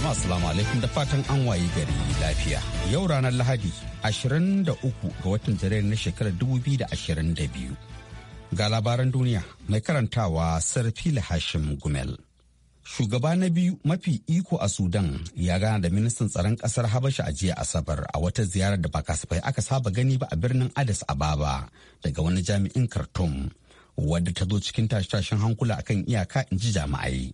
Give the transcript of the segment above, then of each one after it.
jama'a salamu alaikum da fatan an waye gari lafiya. Yau ranar Lahadi 23 ga watan Janairu na shekarar 2022. Ga labaran duniya mai karantawa Sarfila Hashim Gumel. Shugaba na biyu mafi iko a Sudan ya gana da ministan tsaron kasar Habasha a jiya Asabar a wata ziyarar da ba kasafai aka saba gani ba a birnin Addis Ababa daga wani jami'in Khartoum wadda ta zo cikin tashe-tashen hankula akan iyaka in ji jama'ai.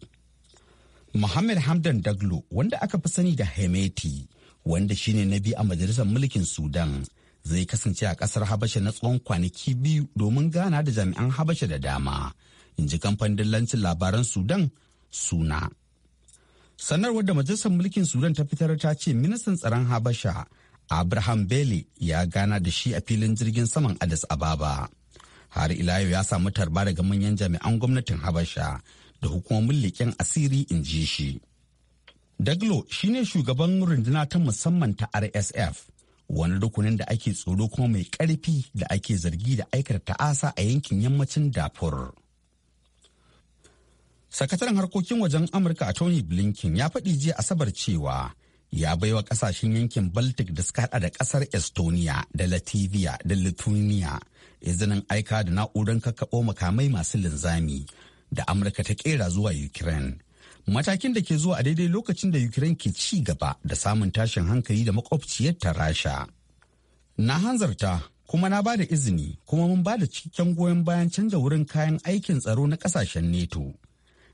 Muhammad Hamdan Daglo wanda aka fi sani da Hemeti wanda shine na biyu a majalisar mulkin Sudan zai kasance a kasar Habasha na tsawon kwanaki biyu domin gana da jami'an Habasha da dama in ji kamfanin dillancin labaran Sudan suna. Sanarwar da majalisar mulkin Sudan ta fitar ta ce ministan tsaron Habasha Abraham Bele ya gana da shi a filin jirgin saman Addis Ababa. Har ila ya samu tarba daga manyan jami'an gwamnatin Habasha da hukumomin leƙen asiri in ji shi. Daglo shine shugaban runduna ta musamman ta RSF wani rukunin da ake tsoro kuma mai ƙarfi da ake zargi da aikata ta'asa a yankin yammacin dafur. Sakataren harkokin wajen Amurka a Tony Blinken ya faɗi jiya Asabar cewa ya baiwa ƙasashen yankin Baltic da suka haɗa da ƙasar Estonia da Latvia da Lithuania izinin aika da na'urar kakkaɓo makamai masu linzami da Amurka ta kera zuwa Ukraine. Matakin da ke zuwa a daidai lokacin da Ukraine ke ci gaba da samun tashin hankali da makwabciyarta Rasha. Na hanzarta kuma na ba da izini kuma mun ba da cikakken goyon bayan canza wurin kayan aikin tsaro na kasashen neto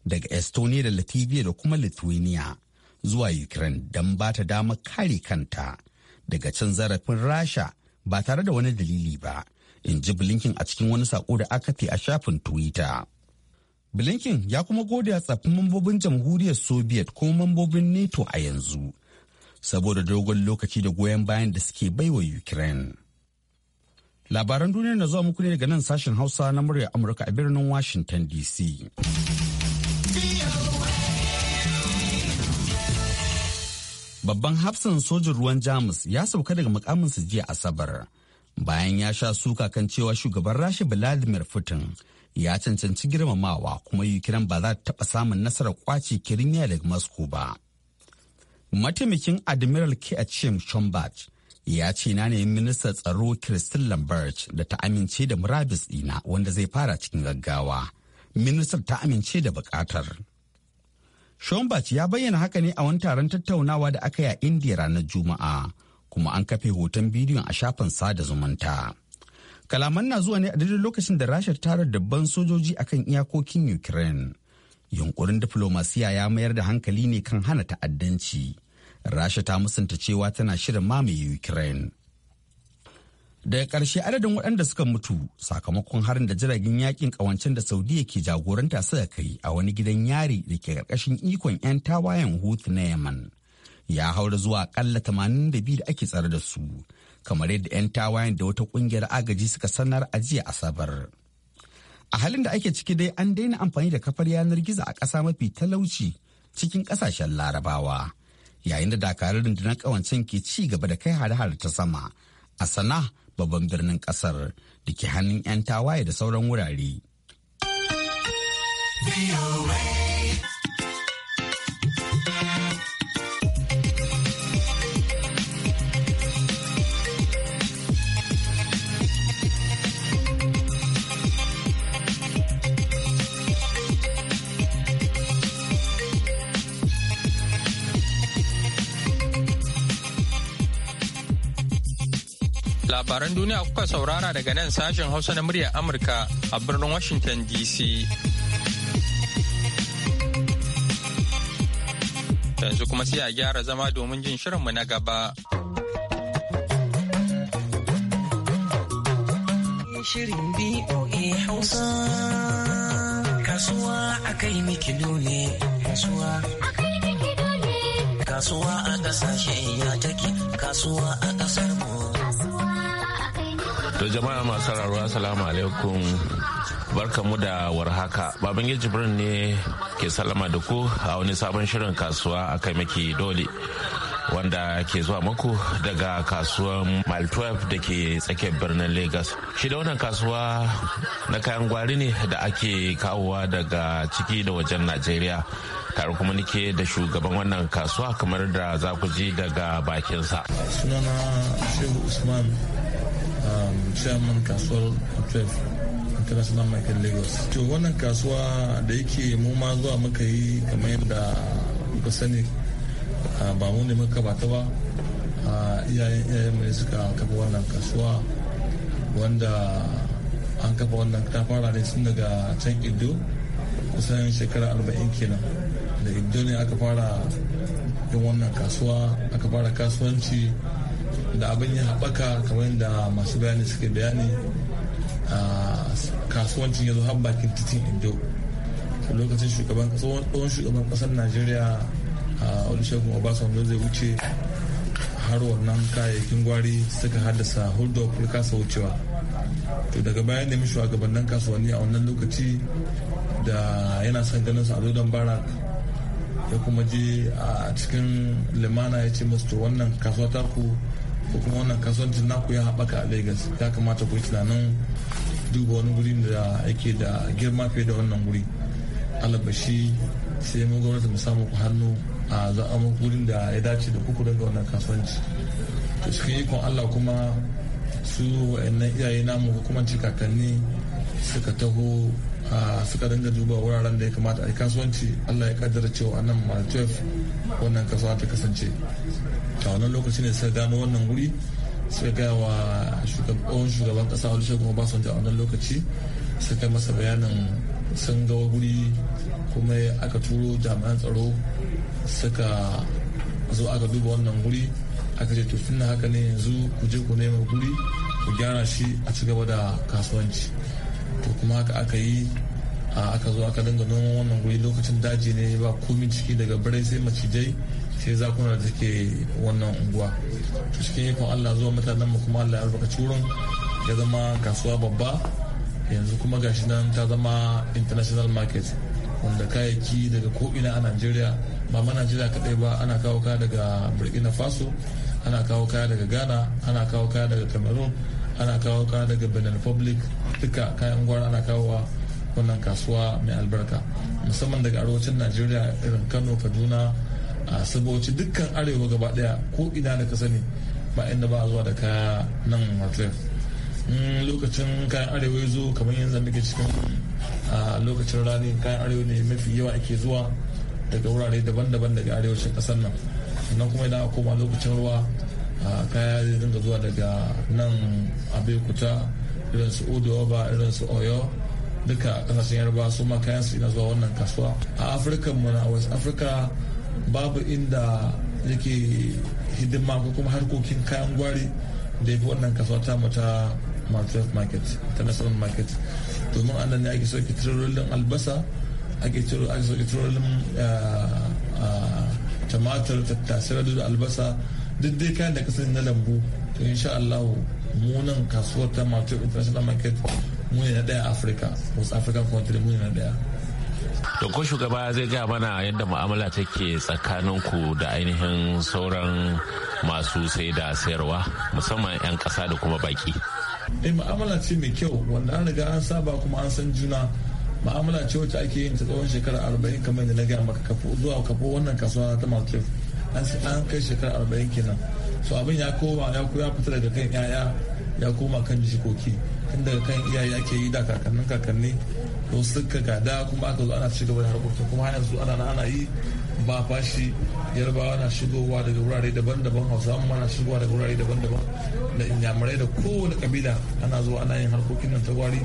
daga estonia da latvia da kuma lithuania zuwa ukraine don ba ta dama kare kanta daga cin zarafin rasha ba tare da wani dalili ba in ji blinken a cikin wani sako da aka fi a shafin twitter Blinken ya kuma gode tsaffin mambobin jamhuriyar Soviet ko mambobin NATO a yanzu, saboda dogon lokaci da goyon bayan da suke baiwa Ukraine. Labaran duniya na zuwa muku ne daga nan sashen Hausa na muryar Amurka a birnin Washington DC. Babban hafsan sojin ruwan Jamus ya sauka daga mukaminsa jiya Asabar, bayan ya sha suka kan cewa shugaban Rasha Vladimir Putin ya cancanci girmamawa kuma Ukraine ba za ta taɓa samun nasarar kwace Kirimiya daga Moscow ba. Mataimakin Admiral K.H.M. Schombach ya ce na ne ministan tsaro Christine Lambert da ta amince da murabis dina wanda zai fara cikin gaggawa. Ministan ta amince da bukatar Schombach ya bayyana haka ne a wani taron tattaunawa da aka yi a Indiya ranar Juma'a, kuma an kafe hoton bidiyon a shafin sada zumunta. Kalaman na zuwa ne a daidai lokacin da Rasha tara dabban sojoji akan iyakokin Ukraine. Yunkurin diflomasiya ya mayar da hankali ne kan hana ta'addanci. Rasha ta musanta cewa tana shirin mamaye Ukraine. Daga ƙarshe adadin waɗanda suka mutu sakamakon harin da jiragen yakin ƙawancen da Saudiya ke jagoranta suka kai a wani gidan yari da ke ƙarƙashin ikon 'yan tawayen hutu na Yaman. Ya haura zuwa ƙalla 82 da ake tsare da su. kamar yadda 'yan tawayen da wata kungiyar agaji suka sanar a jiya asabar a halin da ake ciki dai an daina amfani da kafar yanar gizo a ƙasa mafi talauci cikin ƙasashen larabawa yayin da dakarun rundunar ƙawancen ke ci gaba da kai hare-hare ta sama a sana babban birnin ƙasar da ke hannun 'yan tawaye da sauran wurare. labaran duniya kuka saurara daga nan sashen hausa na muryar amurka a birnin washington dc yanzu kuma sai a gyara zama domin jin shirinmu na gaba shirin BOA Hausa. Kasuwa a ƙasashen ya take, kasuwa a kasar To jama'a masu sararwa assalamu alaikum barkamu da warhaka baban jibrin ne ke salama da ku a wani sabon shirin kasuwa a kai maki dole wanda ke zuwa maku daga kasuwan mile 12 da ke tsakiyar birnin lagos shi da wannan kasuwa na kayan gwari ne da ake kawowa daga ciki da wajen najeriya tare kuma nike da shugaban wannan kasuwa kamar da za ku ji daga bakinsa sunana shehu usman chairman kasuwar Apef international market lagos to wannan kasuwa da yake mu ma zuwa muka yi kamar yadda muka sani ba mu ne muka bata ba iyayen iyayen mai suka kafa wannan kasuwa wanda an kafa wannan ta fara ne sun daga can iddo kusan shekara arba'in kenan da iddo ne aka fara yin wannan kasuwa aka fara kasuwanci da abin ya haɓaka kamar yadda masu bayani suke bayani kasuwancin ya zo har bakin titin indo lokacin shugaban tsohon shugaban ƙasar najeriya a olusegun obasanjo zai wuce har wannan kayayyakin gwari suka haddasa hulɗar kasa wucewa to daga bayan nemi shugabannin kasuwanni a wannan lokaci da yana son ganin su a zodon barak ya kuma je a cikin limana ya ce musu wannan kasuwa ku ko kuma wannan kasuwancin naku ya haɓaka a Lagos ya kamata ku yi tunanin duba wani guri da yake da girma fiye da wannan guri alabashi sai mu gwamnati mu samu ku hannu a za'a gurin da ya dace da kuku daga wannan kasuwanci to cikin ikon Allah kuma su wa'annan iyaye namu hukumanci kakanni suka taho suka dinga duba wuraren da ya kamata a yi kasuwanci allah ya kaddara cewa a nan maltef wannan kasuwa ta kasance a wannan lokaci ne suka gano wannan wuri suka gaya wa shugaban shugaban kasa olusegun obasanjo a wannan lokaci kai masa bayanin sun ga wuri kuma aka turo jami'an tsaro suka zo aka duba wannan guri aka ce tufin na haka ne yanzu ku je ku nema guri ku gyara shi a ci gaba da kasuwanci to kuma haka aka yi aka zo aka dinga noman wannan guri lokacin daji ne ba komi ciki daga birai sai macijai sai zakuna da take wannan unguwa to cikin ikon allah zuwa mutanen mu kuma allah ya albarkaci wurin ya zama kasuwa babba yanzu kuma gashi nan ta zama international market wanda kayayyaki daga ko'ina a najeriya ba ma najeriya kadai ba ana kawo kaya daga burkina faso ana kawo kaya daga ghana ana kawo kaya daga cameroon ana kawo kaya daga benin republic duka kayan gwara ana kawowa wannan kasuwa mai albarka musamman daga arewacin najeriya irin kano kaduna a saboci dukkan arewa gaba daya ko ina da ka sani ba inda ba zuwa da kaya nan martef lokacin kayan arewa ya zo kamar yanzu muke cikin lokacin rani kayan arewa ne mafi yawa ake zuwa daga wurare daban-daban daga arewacin kasar nan sannan kuma idan a koma lokacin ruwa kaya zai dinga zuwa daga nan abekuta irin su odo ba irin su oyo duka kasashen yarba su ma kayan su ina zuwa wannan kasuwa a afirka mu na west africa babu inda yake hidima ko kuma harkokin kayan gwari da ya fi wannan kasuwa ta mu ta market ta nasarar market domin a nan ne ake soke tirolin albasa ake soke tirolin eh, eh, tumatir tattasai da albasa duk dai kayan da kasance na lambu to insha allahu munan kasuwar ta martef international market mu daya afirka wasu african country mu na daya ko shugaba zai gaya mana yadda mu'amala take tsakanin ku da ainihin sauran masu sai da sayarwa musamman 'yan kasa da kuma baki eh mu'amala ce mai kyau wanda an riga an saba kuma an san juna mu'amala ce wacce ake yin ta tsawon shekara arba'in kamar da na gaya maka kafo zuwa kafo wannan kasuwa ta market an kai shekara arba'in kenan so abin ya koma ya fita daga kan 'ya'ya ya koma kan jikoki tun daga kan iyaye ake yi da kakannin kakanni to suka gada kuma aka zo ana ci gaba da harkokin kuma har yanzu ana ana yi ba fashi yarbawa na shigowa daga wurare daban-daban hausa Amma na shigowa daga wurare daban-daban da inyamurai da kowane kabila ana zo ana yin harkokin nan ta gwari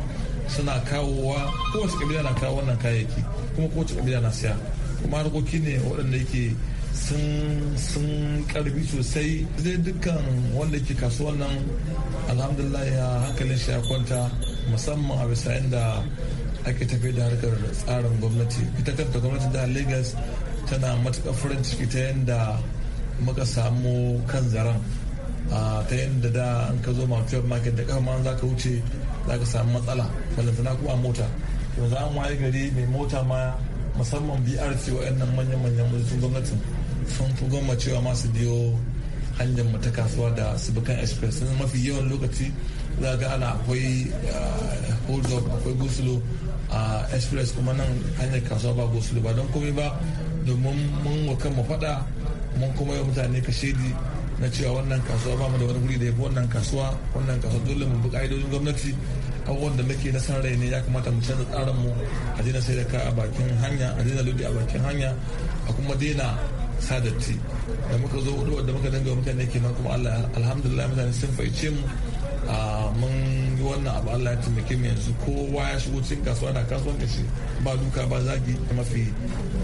suna kawowa kowace kabila na kawo wannan kayayyaki kuma kowace kabila na siya kuma harkoki ne waɗanda yake sun karbi sosai zai dukkan wanda ke kasuwar nan alhamdulillah ya hankalin shi ya kwanta musamman a bisa inda ake tafi da harkar tsarin gwamnati ita kanta gwamnati da lagos tana matuƙar farin ciki ta yadda muka samu kan zaren ta yadda da an ka zo mafiyar market da kama za ka wuce za ka samu matsala balantana kuma mota yanzu an waye gari mai mota ma musamman brc nan manyan-manyan mutum gwamnatin sun fi goma cewa masu biyo hanyar mata kasuwa da subukan express na mafi yawan lokaci za ga ana akwai eh, hold up akwai gosulo a express kuma nan hanyar kasuwa ba gosulo ba don komai ba domin mun wakan mu faɗa mun kuma yi mutane ka shaidi na cewa wannan kasuwa ba mu da wani guri da ya fi wannan kasuwa wannan kasuwa dole mu bi ka'idojin gwamnati abubuwan da muke na san rai ne ya kamata mu canza tsarin mu a daina sai da ka a bakin hanya a daina lodi a bakin hanya a kuma daina sadatti da muka zo hudu da muka danga mutane ke nan kuma Allah alhamdulillah mutane sun faice mu mun yi wannan abu Allah ya taimake mu yanzu kowa ya shigo cikin kasuwa da kasuwan ba duka ba zagi mafi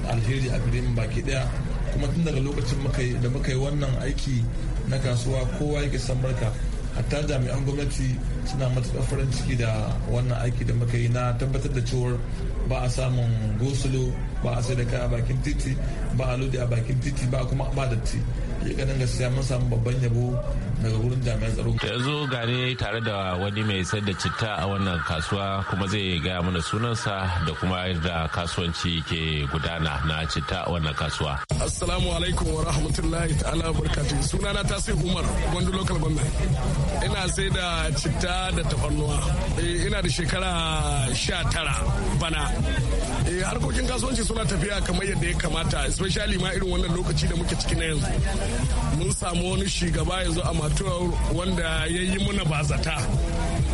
alheri a gare baki daya kuma tun daga lokacin da muka yi wannan aiki na kasuwa kowa yake san barka hatta jami'an gwamnati suna matuƙar farin ciki da wannan aiki da muka yi na tabbatar da cewar ba a samun gosulo ba a sai da kaya bakin titi ba a lodi a bakin titi ba kuma ba datti ya ganin gaskiya mun samu babban yabo daga wurin jami'an tsaro. yanzu gane tare da wani mai sayar da citta a wannan kasuwa kuma zai gaya mana sunansa da kuma yadda kasuwanci ke gudana na citta a wannan kasuwa. assalamu alaikum wa rahmatullahi ta'ala barkatu ta tasir umar gwandu local gwamnati ina sai da citta da tafarnuwa eh, ina da shekara sha tara bana eh, harkokin kasuwanci suna tafiya kamar yadda ya kamata especially ma irin wannan lokaci da muke ciki na yanzu mun samu wani shugaba yanzu a wanda ya yi muna bazata.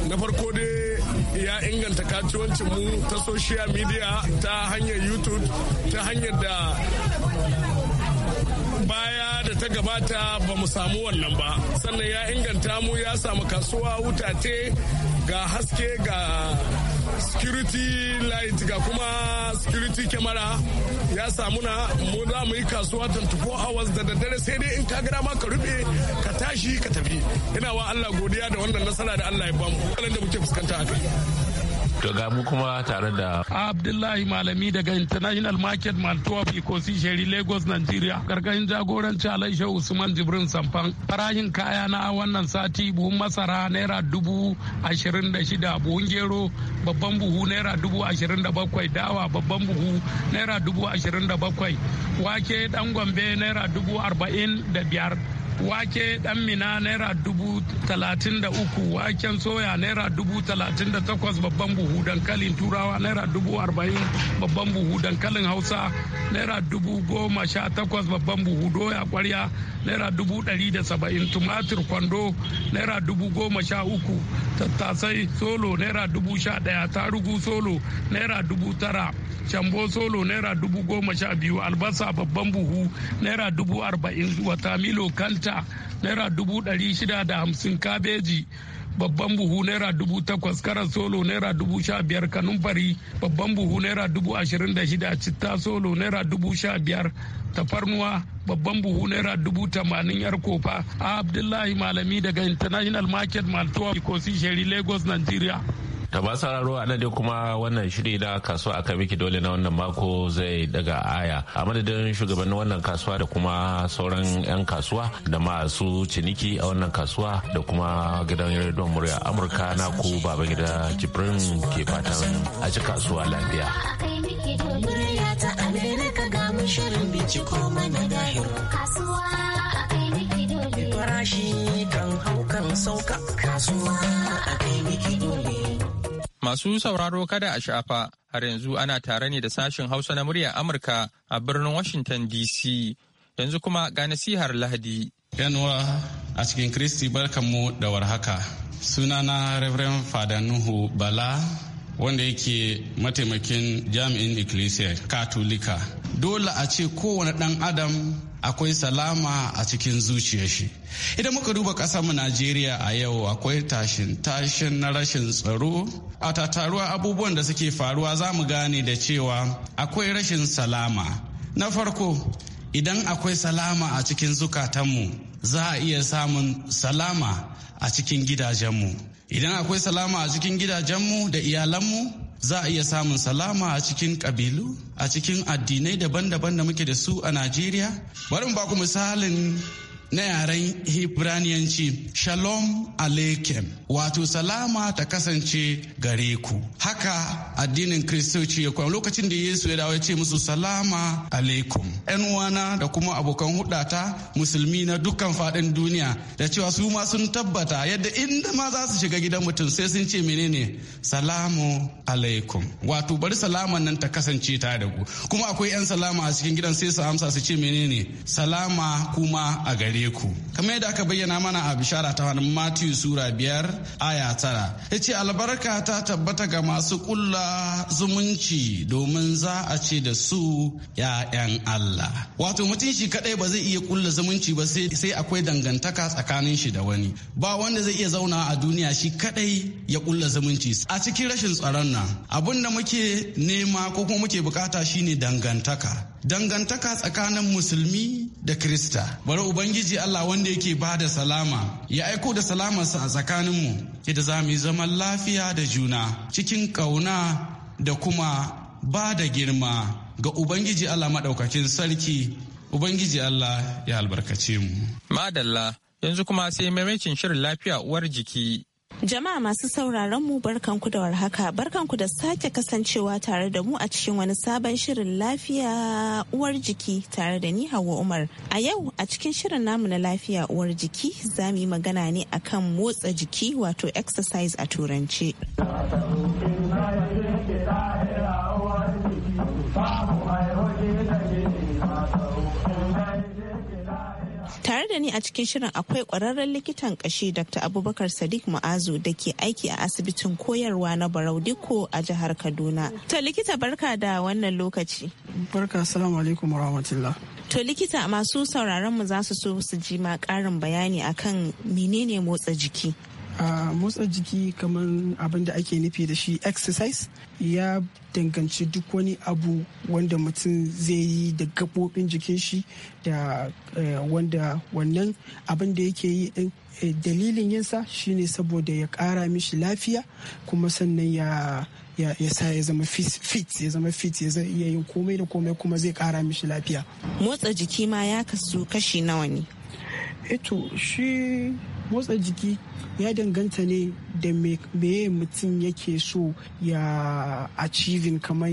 Na farko dai ya inganta kasuwancin mu ta social media ta hanyar YouTube ta hanyar da baya da ta gabata ba mu samu wannan ba. Sannan ya inganta mu ya samu kasuwa wutate ga haske ga security light ga kuma security camera ya samu na mu za mu yi kasuwa 24 hours da daddare sai dai in ka gada ma ka rufe ka tashi ka tafi ina wa Allah godiya da wannan nasara da Allah ya bamu kalan da muke fuskanta a kai To ga mu kuma tare da Abdullahi Malami daga International Market Mantua Ikosi Sheri Lagos Nigeria gargashin jagoranci Alaisha Usman Jibrin Samfan farashin kaya na wannan sati buhun masara naira dubu ashirin da shida buhun gero babban buhu naira dubu ashirin da bakwai dawa babban buhu naira dubu ashirin da bakwai wake dan gombe naira dubu arba'in da biyar wake dan mina naira dubu talatin da uku waken soya naira dubu talatin da takwas babban buhu dankalin turawa naira dubu arba'in babban buhu dankalin hausa naira dubu goma sha takwas babban buhu doya kwarya naira dubu dari da saba'in tumatir kwando naira dubu goma sha uku tattasai solo naira dubu sha ɗaya tarugu solo naira dubu tara cambo solo naira dubu goma sha biyu albasa babban buhu naira dubu arba'in watamilo kanta tumatir naira dubu ɗari shida da hamsin kabeji babban buhu naira dubu takwas kara solo naira dubu sha biyar kanumfari babban buhu naira dubu ashirin da shida citta solo naira dubu sha biyar tafarnuwa babban buhu naira dubu tamanin yar kofa a abdullahi malami daga international market maltuwa ikosi sheri lagos nigeria ta ba sauraro a kuma wannan shiri na kasuwa aka miki dole na wannan mako zai daga aya a madadin shugabannin wannan kasuwa da kuma sauran 'yan kasuwa da masu ciniki a wannan kasuwa da kuma gidan rediyon murya amurka na ku baba gida jibrin ke fatan a ji kasuwa lafiya shirin binciko farashi kan hau kan sauka kasuwa a kai miki dole Masu sauraro kada a shafa har yanzu ana tare ne da sashen Hausa na muryar Amurka a birnin Washington DC. Yanzu kuma ga nasihar Lahadi. Yanwa a cikin Kristi barkanmu da warhaka. Sunana Reverend Fada Nuhu Bala wanda yake mataimakin jami'in Ecclesia Katolika. Dole a ce kowane ɗan Adam akwai salama a cikin zuciyashi shi idan muka duba mu najeriya a yau akwai tashin tashin na rashin tsaro a tattaruwa abubuwan da suke faruwa za mu gane da cewa akwai rashin salama na farko idan akwai salama a cikin zukatanmu za a iya samun salama a cikin gidajenmu idan akwai salama a cikin gidajenmu da iyalanmu za a iya samun salama a cikin kabilu a cikin addinai daban-daban da muke da su a najeriya bari ba ku misalin na yaren Hibraniyanci Shalom Aleikem wato salama ta kasance gare ku. Haka addinin Kiristoci ya kwan lokacin da Yesu ya dawo ya ce musu salama alaikum. ‘Yan uwana da kuma abokan hudata musulmi na dukkan faɗin duniya da cewa su ma sun tabbata yadda inda ma za su shiga gidan mutum sai sun ce menene salamu alaikum. Wato bari salaman nan ta kasance ta da ku. Kuma akwai ‘yan salama a cikin gidan sai su amsa su ce menene salama kuma a gare gare ku kamar yadda aka bayyana mana a bishara ta wani Matthew sura biyar aya tara yace albarka ta tabbata ga masu kulla zumunci domin za a ce da su ya'yan Allah wato mutum shi kadai ba zai iya kulla zumunci ba sai akwai dangantaka tsakanin shi da wani ba wanda zai iya zauna a duniya shi kadai ya kulla zumunci a cikin rashin tsaron nan abin da muke nema ko kuma muke bukata shine dangantaka dangantaka tsakanin musulmi da krista bari ubangiji allah wanda yake ba da salama ya aiko da salamarsa a tsakaninmu yadda za mu yi zaman lafiya da juna cikin ƙauna da kuma ba da girma ga ubangiji allah maɗaukakin sarki ubangiji allah ya albarkace mu madalla yanzu kuma sai maimakin shirin lafiya uwar jiki Jama'a masu sauraron mu barkanku da warhaka barkanku da sake kasancewa tare da mu a cikin wani sabon shirin lafiya uwar jiki tare da ni Hauwa Umar. A yau a cikin shirin namu na lafiya uwar jiki za mu yi magana ne akan motsa jiki wato exercise a turanci. a cikin shirin akwai kwararren likitan kashi Dr. Abubakar Sadiq Ma'azu da ke aiki a asibitin koyarwa na Barau Dikko a jihar Kaduna. To likita barka da wannan lokaci. Barka assalamu alaikum warahmatullah. To likita masu sauraron mu za su so su ji ma ƙarin bayani akan menene motsa jiki. motsa jiki kamar abin da ake nufi da shi exercise ya danganci duk wani abu wanda mutum zai yi da gabobin jikin shi da eh, wanda wannan abin da yake yi din eh, dalilin yinsa shine saboda ya kara mishi lafiya kuma sannan ya ya sa ya zama fit ya zama fit ya iya komai da komai kuma zai kara mishi lafiya motsa jiki ma ya kasu kashi nawa ne eto eh shi motsa jiki ya danganta ne da meye mutum yake so ya achieving kamar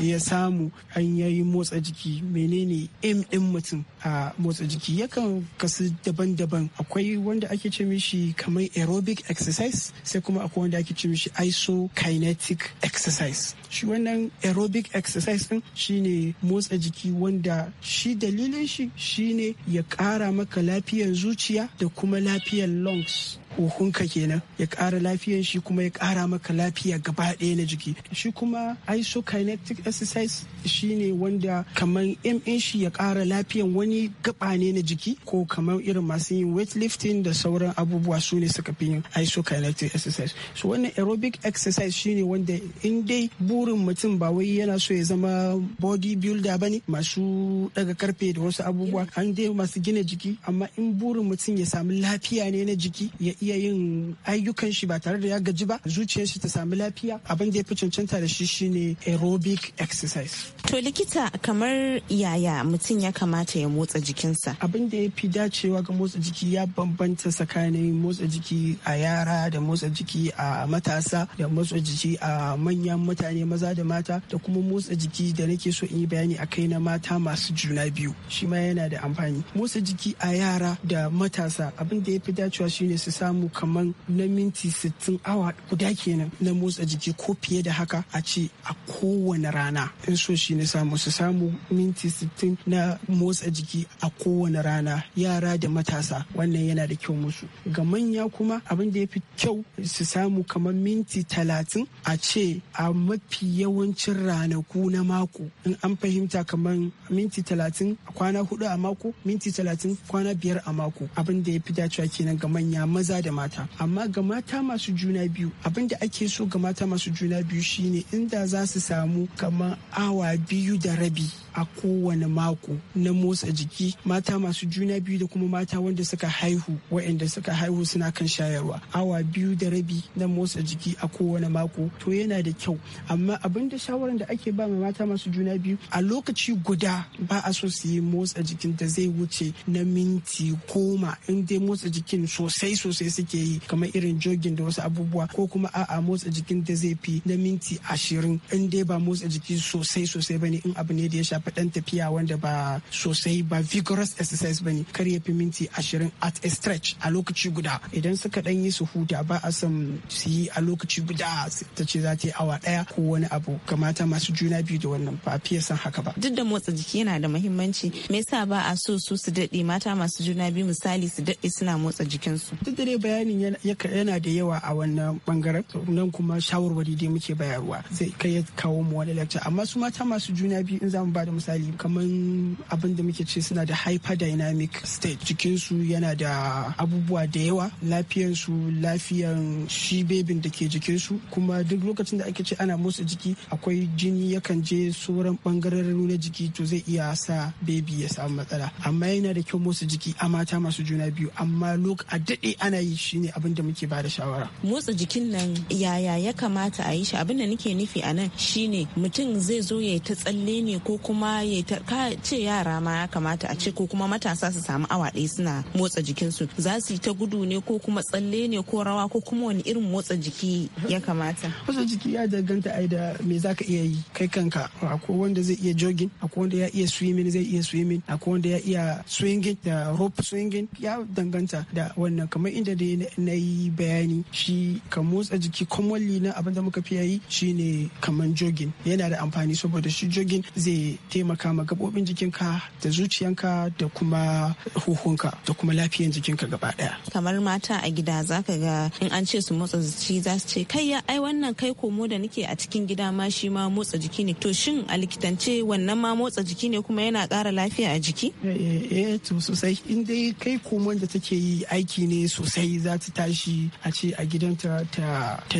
ya samu an yayi motsa jiki menene aim din mutum a motsa jiki yakan kasu daban-daban akwai wanda ake ce mishi kamar aerobic exercise sai kuma akwai wanda ake ce mishi isokinetic exercise shi wannan aerobic exercise din shine motsa jiki wanda shi dalilin shi shine ya kara maka lafiyar zuciya da kuma lafiyar lungs huhunka kenan ya ƙara lafiyan shi kuma ya ƙara maka lafiya gaba ɗaya na jiki shi kuma isokinetic exercise shi ne wanda kamar m shi ya kara lafiyan wani gaba ne na jiki ko kamar irin masu yin weightlifting da sauran abubuwa su ne suka fi yin isokinetic exercise so wannan aerobic exercise shi ne wanda in dai burin mutum ba wai yana so ya zama bodybuilder ba ne masu daga karfe da wasu abubuwa an dai masu gina jiki amma in burin mutum ya samu lafiya ne na jiki ya iya yin ayyukan shi ba tare da ya gaji ba zuciyar shi ta samu lafiya abin da ya fi cancanta da shi shine aerobic exercise to likita kamar yaya mutum ya kamata ya motsa jikinsa abin da ya fi dacewa ga motsa jiki ya bambanta tsakanin motsa jiki a yara da motsa jiki a matasa da motsa jiki a manyan mutane maza da mata da kuma motsa jiki da nake so in yi bayani a kai na mata masu juna biyu shi ma yana da amfani motsa jiki a yara da matasa abin da ya fi dacewa shine su samu samu kamar na minti 60 awa guda kenan na motsa jiki ko fiye da haka a ce a kowane rana in so shi ne samu su samu minti 60 na motsa jiki a kowane rana yara da matasa wannan yana da kyau musu ga manya kuma abin da ya fi kyau su samu kamar minti talatin a ce a mafi yawancin ranaku na mako in an fahimta kamar minti 30 kwana hudu a mako minti 30 kwana biyar a mako abin da ya fi dacewa kenan ga manya maza da mata amma ga mata masu juna biyu abin da ake so ga mata masu juna biyu shine inda za su samu kamar awa biyu da rabi a kowane mako na motsa jiki mata masu juna biyu da kuma mata wanda suka haihu waɗanda suka haihu suna kan shayarwa awa biyu da rabi na motsa jiki a kowane mako to yana da kyau amma abin da shawaran da ake ba mata masu juna biyu a lokaci guda ba a so su yi motsa jikin da zai wuce na minti goma in dai motsa jikin sosai sosai suke yi kamar irin jogin da wasu abubuwa ko kuma a'a motsa jikin da zai fi na minti ashirin in dai ba motsa jiki sosai sosai bane in abu ne da ya shafi fi dan tafiya wanda ba sosai ba vigorous exercise bane kar ya fi minti ashirin at a stretch a lokaci guda idan suka dan yi su huta ba a son su yi a lokaci guda ta ce za ta yi awa daya ko wani abu ga mata masu juna biyu da wannan ba fiye san haka ba duk da motsa jiki yana da muhimmanci me yasa ba a so su su daɗe mata masu juna biyu misali su daɗe suna motsa jikinsu duk da dai bayanin yana da yawa a wannan bangaren nan kuma shawarwari dai muke bayarwa zai kai ya kawo mu wani lecture amma su mata masu juna biyu in za mu ba da misali kamar abin da muke ce suna da hyperdynamic state jikinsu yana da abubuwa da yawa lafiyansu lafiyan shi bebin da ke jikinsu kuma duk lokacin da ake ce ana motsa jiki akwai jini yakan je sauran bangarorin na jiki to zai iya sa bebi ya samu matsala amma yana da kyau motsa jiki a mata masu juna biyu amma lok a daɗe ana yi shine abin da muke ba da shawara motsa jikin nan yaya ya kamata a yi shi abin da nake nufi a nan shine mutum zai zo ya ta tsalle ne ko kuma kuma ya ce yara ma ya kamata a ce ko kuma matasa su samu awa ɗaya suna motsa jikinsu za su yi ta gudu ne ko kuma tsalle ne ko rawa ko kuma wani irin motsa jiki ya kamata motsa jiki ya danganta ai da me zaka iya yi kai kanka akwai wanda zai iya jogging akwai wanda ya iya swimming zai iya swimming akwai wanda ya iya swinging da rope swinging ya danganta da wannan kamar inda da na yi bayani shi ka motsa jiki commonly na abin da muka fi yi shine kamar jogin yana da amfani saboda shi jogin zai taimaka ma gabobin jikinka da zuciyanka da kuma huhunka da kuma lafiyan jikinka gaba daya kamar mata a gida za ka ga in an ce su motsa jiki za su ce kai ya ai wannan kai komo da nake a cikin gida ma shi ma motsa jiki ne to shin a likitance wannan ma motsa jiki ne kuma yana ƙara lafiya a jiki eh, eh, eh to sosai in dai kai komo da take yi aiki ne sosai za ta tashi a ce a gidanta ta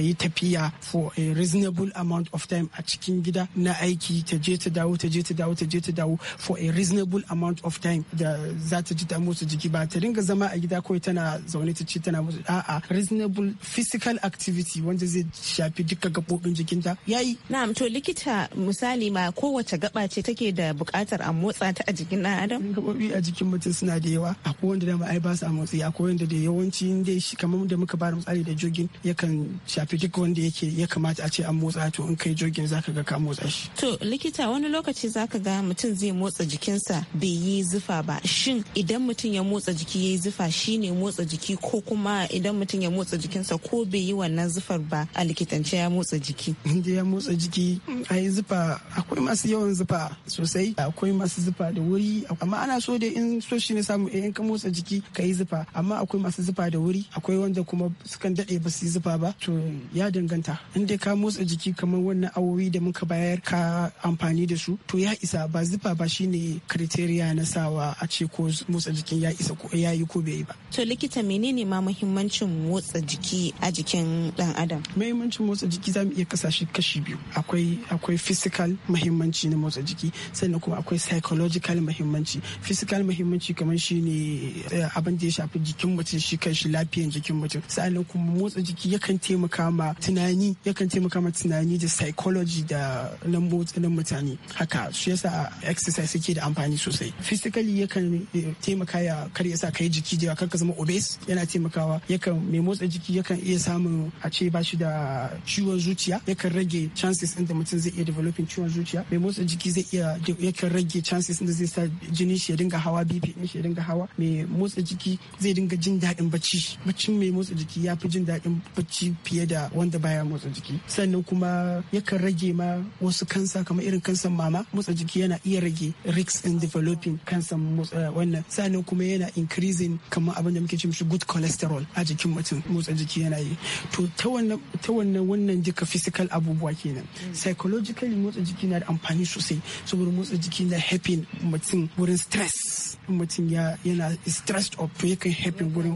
yi tafiya for a reasonable amount of time a cikin gida na aiki ta je ta dawo ta je ta dawo ta je ta dawo for a reasonable amount of time da za ta ji ta motsa jiki ba ta dinga zama a gida kawai tana zaune ta ce tana motsa a'a reasonable physical activity wanda zai shafi duka gabobin jikinta yayi na'am to likita misali ma kowace gaba ce take da bukatar a motsa ta a jikin ɗan adam gabobi a jikin mutum suna da yawa akwai wanda dama ai ba su a motsi akwai wanda da yawanci inda shi kamar da muka bada misali da jogin yakan shafi duka wanda yake ya kamata a ce an motsa to in kai jogin zaka ga ka motsa shi to likita wani lokaci zaka ga mutum zai motsa jikinsa bai yi zufa ba shin idan mutum ya motsa jiki ya yi zufa shine motsa jiki ko kuma idan mutum ya motsa jikinsa ko bai yi wannan zufar ba a likitance ya motsa jiki inda ya motsa jiki a yi zufa akwai masu yawan zufa sosai akwai masu zufa da wuri amma ana so da in so shi ne samu eh, in ka motsa jiki ka yi zufa amma akwai masu zufa da wuri akwai wanda kuma sukan daɗe ba su yi zufa ba to ya danganta in ka motsa jiki kamar wannan awowi da muka bayar ka amfani da su to ya isa ba zufa ba shine kriteriya na sawa a ce ko motsa jikin ya isa ko ya yi ko bai yi ba to likita menene ma muhimmancin motsa jiki a jikin dan adam muhimmancin motsa jiki zamu iya kasashe kashi biyu akwai akwai physical muhimmanci na motsa jiki sannan kuma akwai psychological muhimmanci physical muhimmanci kamar shine eh, abin da ya shafi jikin mutum shi kanshi lafiyan jikin mutum sannan kuma motsa jiki yakan taimaka ma tunani yakan taimaka ma tunani da psychology da na motsa mutane haka su yasa exercise yake da amfani sosai physically yakan taimaka ya kar yasa kai jiki da kar ka zama obese yana taimakawa yakan mai motsa jiki yakan iya samun a ce ba shi da ciwon zuciya yakan rage chances inda mutum zai iya developing ciwon zuciya mai motsa jiki zai iya yakan rage chances inda zai sa jini shi ya dinga hawa bp din shi ya dinga hawa mai motsa jiki zai dinga jin daɗin bacci baccin mai motsa jiki ya fi jin daɗin bacci fiye da wanda baya motsa jiki sannan kuma yakan rage ma wasu kansa kamar irin kansan mama motsa jiki yana iya rage risk in developing kansan eh, wannan sannan kuma yana increasing kamar abin da muke ce mishi good cholesterol a jikin mutum motsa jiki yana yi to ta wannan wannan duka physical abubuwa kenan mm. psychologically motsa jiki na da amfani sosai saboda motsa jiki na helping mutum wurin stress mutum ya yana stressed up to yakan helping wurin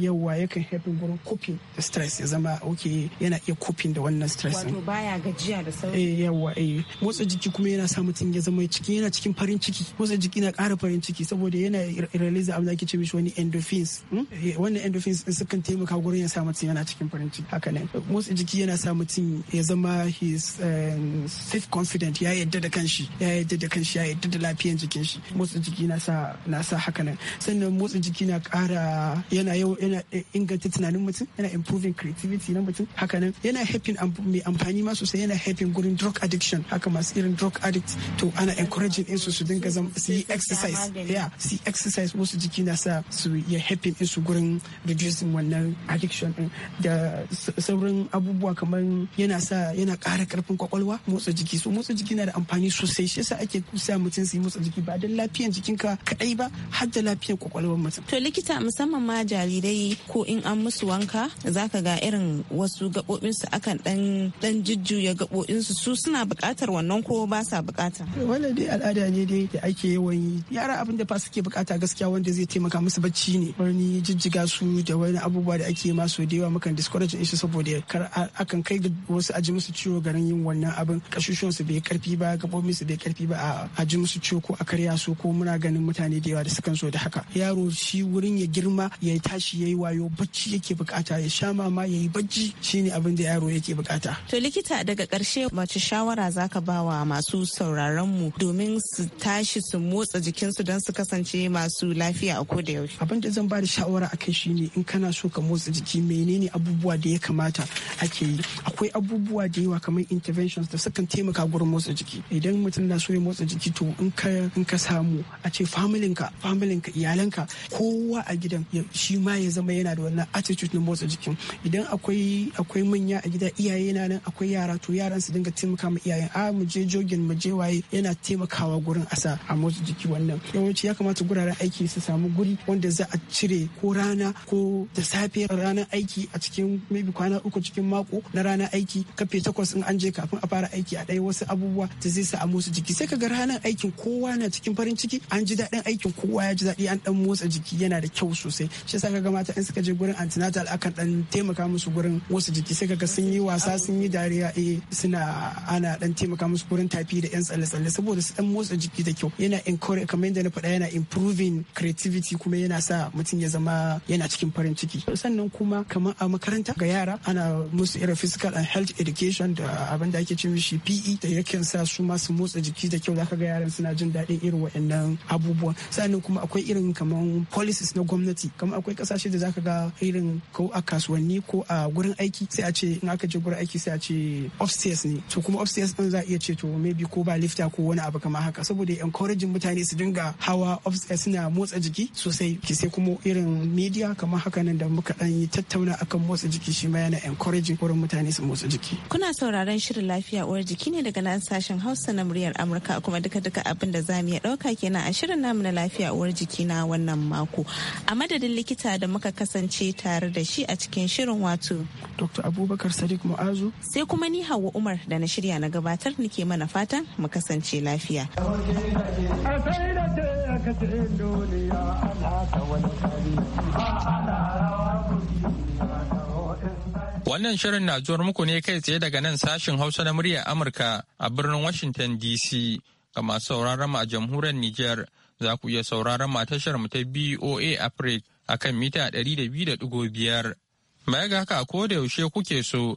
yawa eh, eh, yakan helping wurin coping da stress ya zama ok yana iya coping da wannan stress wato baya gajiya da sauri. eh yawa eh motsa jiki kuma yana sa mutum ya zama cikin yana cikin farin ciki motsa jiki na ƙara farin ciki saboda yana release abin da ake ce mishi wani endorphins hmm? eh, wannan endorphins din sukan taimaka gurin ya sa mutum yana cikin farin ciki haka ne motsa jiki yana sa mutum ya zama his um, self confident ya yadda da kanshi ya yadda da kanshi ya yadda da lafiyar jikin shi motsa jiki na sa na sa haka nan sannan motsa jiki na ƙara yana yau yana eh, inganta tunanin mutum yana improving creativity na mutum haka nan yana helping mai amfani ma sosai yana help nufin gurin drug addiction haka masu irin drug addict to ana encouraging din su su dinga su yi exercise ya su yi exercise wasu jiki na sa su ya helping din su gurin reducing wannan addiction din da sauran abubuwa kamar yana sa yana ƙara karfin kwakwalwa motsa jiki so motsa jiki na da amfani sosai shi yasa ake sa mutum su yi motsa jiki ba don lafiyar jikinka kadai ba har da lafiyar kwakwalwar mutum to likita musamman ma jarirai ko in an musu wanka zaka ga irin wasu gaɓoɓinsu akan dan dan jujjuya gaɓoɓi sana'o'insu su suna buƙatar wannan ko ba sa buƙata. wannan dai al'ada ne dai da ake yawan yi yara abin da fa suke buƙata gaskiya wanda zai taimaka musu bacci ne wani jijjiga su da wani abubuwa da ake masu da yawa mukan discourage shi saboda kar akan kai ga wasu aji musu ciwo garin yin wannan abin kashushuwan su bai karfi ba gabobin su bai karfi ba a aji musu ciwo ko a karya su ko muna ganin mutane da yawa da sukan so da haka yaro shi wurin ya girma ya tashi ya yi wayo bacci yake bukata ya sha mama ya yi bacci ne abin da yaro yake bukata to likita daga karshe. ce mace shawara zaka wa masu sauraronmu domin su tashi su motsa jikinsu don su kasance masu lafiya a koda yaushe. Abin da zan ba da shawara a akai ne in kana so ka motsa jiki menene abubuwa da ya kamata ake yi. Akwai abubuwa da yawa kamar interventions da sukan taimaka gurin motsa jiki. Idan mutum na so ya motsa jiki to in ka in ka samu a ce familinka familinka iyalanka kowa a gidan shi ma ya zama yana da wannan attitude na motsa jikin. Idan akwai akwai manya a gida iyaye na nan akwai yara to yara yaran su dinga taimaka ma iyayen a mu je jogin mu je waye yana taimakawa gurin asa a motsa jiki wannan yawanci ya kamata guraren aiki su samu guri wanda za a cire ko rana ko da safe ranar aiki a cikin maybe kwana uku cikin mako na ranar aiki kafe takwas in an je kafin a fara aiki a ɗaya wasu abubuwa da zai sa a motsa jiki sai ka ga ranar aikin kowa na cikin farin ciki an ji daɗin aikin kowa ya ji daɗi an ɗan motsa jiki yana da kyau sosai shi yasa ka ga mata in suka je gurin antinatal akan ɗan taimaka musu gurin motsa jiki sai ka ga sun yi wasa sun yi dariya eh suna ana dan taimaka musu wurin tafi da yan tsalle-tsalle saboda su dan motsa jiki da kyau yana encourage kamar yadda na faɗa yana improving creativity kuma yana sa mutum ya zama yana cikin farin ciki sannan kuma kamar a makaranta ga yara ana musu irin physical and health education da abin da ake ce mishi PE da yakan sa su ma su motsa jiki da kyau zaka ga yaran suna jin daɗin irin waɗannan abubuwan sannan kuma akwai irin kamar policies na gwamnati kamar akwai kasashe da zaka ga irin ko a kasuwanni ko a gurin aiki sai a ce in aka je gurin aiki sai a ce upstairs upstairs ne to kuma upstairs din za a iya ce to maybe ko ba lifta ko wani abu kamar haka saboda encouraging mutane su dinga hawa upstairs suna motsa jiki sosai ki sai kuma irin media kamar haka nan da muka dan yi tattauna akan motsa jiki shi ma yana encouraging wurin mutane su motsa jiki kuna sauraron shirin lafiya uwar jiki ne daga nan sashen Hausa na muryar Amurka kuma duka duka abin da zamu iya dauka kenan a shirin namu na lafiya uwar jiki na wannan mako a madadin likita da muka kasance tare da shi a cikin shirin wato Dr. Abubakar Sadiq Mu'azu sai kuma ni Hauwa Umar Umar da na shirya na gabatar nake mana fatan mu kasance lafiya. Wannan shirin na zuwar muku ne kai tsaye daga nan sashin Hausa na muryar Amurka a birnin Washington DC ga masu sauraron mu a jamhuriyar Nijar za ku iya sauraron mu a tashar mu ta BOA Africa akan mita 200.5. Baya ga haka ko da yaushe kuke so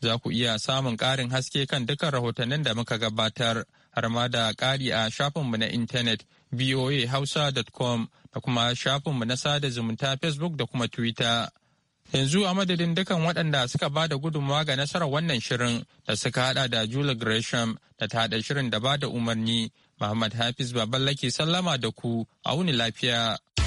Za ku iya samun ƙarin haske kan dukkan rahotannin da muka gabatar har ma da kari a shafinmu na intanet voahausa.com da kuma shafinmu na sada zumunta Facebook da kuma Twitter. Yanzu a madadin dukkan waɗanda suka ba da gudunmawa ga nasarar wannan shirin da suka haɗa da jula Gresham da ta haɗa shirin da ba da umarni, Muhammad Hafiz Baballake sallama da ku a wuni lafiya.